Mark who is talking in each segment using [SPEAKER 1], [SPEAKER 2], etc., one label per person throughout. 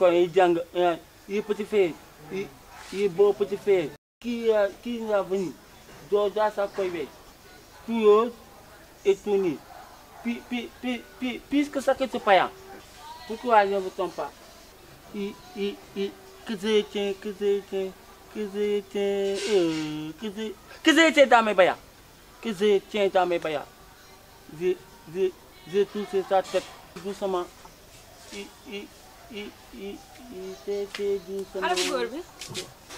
[SPEAKER 1] école yi jàng euh, yi petit fait yi beau petit fait qui qui va venir doit s'accoyer tout rose et tout nu puis puis puis puisque ça que tu payes pourquoi je ne vous tombe pas i i i chrétien chrétien chrétien chrétien chrétien dans mes sa tête doucement tey tey ju sama. xale bu góor bi.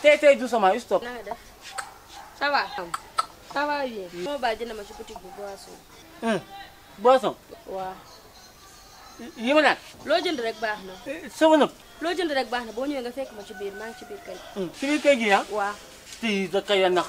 [SPEAKER 1] tey tey stop. na
[SPEAKER 2] nga def ça bien. sama baay jënd ma ci boutique bi boisson. boisson. waaw. yi ma naan. loo jënd rek baax na. Eh, sama nëb. loo jënd rek baax na boo ñëwee nga fekk ma ci biir maa ngi ci biir kay.
[SPEAKER 1] Hmm, ci biir kay gi ah. waaw. si sa nax.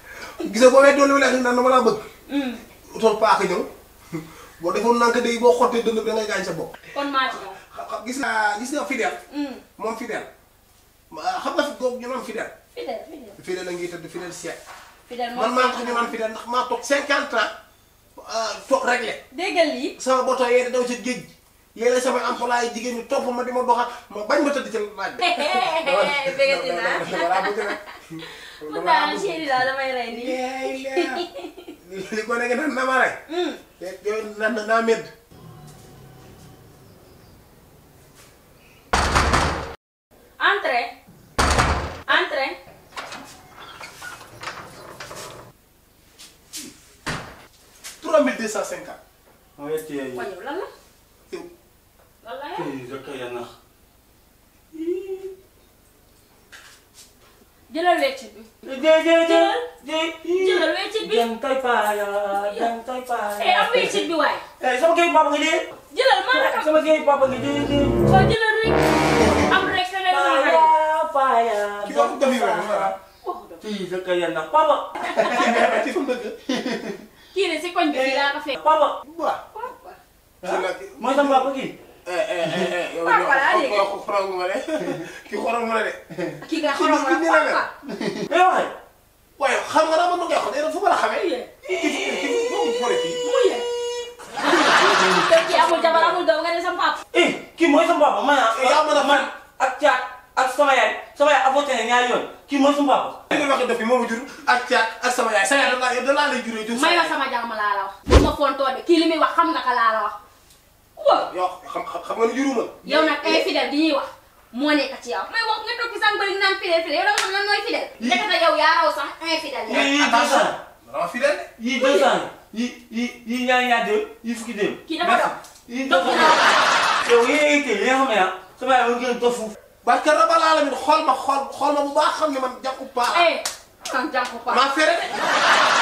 [SPEAKER 2] Gisa nga boo weddoo li mu neex bëgg hmm laa pa utal paaka bo boo nank day bo xottee dënd bi da ngay gañ sa bok kon ma ci kaw. gis na gis na fidèle. mom fidèle. xam nga gog ñu mom fidèle. fidèle fidèle. la ngi tedd fidèle seet. fidèle man ma ko ñu naan fidèle ndax ma tok 50 ans tok réglé. déggal li sama boto yee daw ci gëj léeg sama employé jigéen ñi top ma di ma doxal ma bañ ma tedd ci laaj mun naa am chéri
[SPEAKER 1] daal damay rey nii.
[SPEAKER 2] li ko nekk naan na ma rey. te yow na naa medd.
[SPEAKER 1] entrez. entrez. trois mille deux cent cinquante.
[SPEAKER 2] lan la. yow. lan la
[SPEAKER 1] yow. jëlal weccit bi. jëlal jëlal weccit bi. dem kay paa yaa dem kay paa yaa. Eh, am bi waay. Eh, sama kii papa nga dee. jëlal maa naka. sama kii papa nga dee dee. waaw jëlal rek. am rek sa nekk sama xarit. paa yaa kii wax dëgg yàlla. kii sa kër yàlla papa. kii de si koñ bi laa ko
[SPEAKER 2] fekk. papa. waaw. mooy sama papa kii. Eh, eh, eh, papa laa dégg yow xorom ma de kii xorom ma de. kii nga xorom ma papa. mais waaye xam nga dama doon wax de fu ma la xamee. kii amul jabar amul doom nga ne sa papa. kii mooy sa papa man
[SPEAKER 1] ah man ak caat ak sama yaay sama yaay avorté na ñaari yoon kii mooy sa papa. li
[SPEAKER 2] nga wax dëgg moom jur ak caat ak sama yaay sa yaay da laa lay juree jur. may la sama jàmm laa la wax. bu ma fontoo de kii li muy wax xam nga ka laa la wax. waaw yow xam xam nga ni juróoma la. yow nag
[SPEAKER 1] infidèle bi ñuy wax moo nekk ci yow. may nga toog ci sànq bëri naan fidèle fidèle yow da nga xam lan mooy fidèle. nekk yow yaa raw sax infidèle. yii yii deux cent
[SPEAKER 2] dama fidèle. yii deux cent yii yii yii
[SPEAKER 1] ñaari ñaar déw yii fukki déw. kii dafa doon yii dafa doon. yow yéen a tey xam ne ah
[SPEAKER 2] sama yow ngeen doon foofu. barke rabal alamin xool ma xool xool ma bu baax xam ne man jànku paa. ah jànku paa maa
[SPEAKER 1] fere.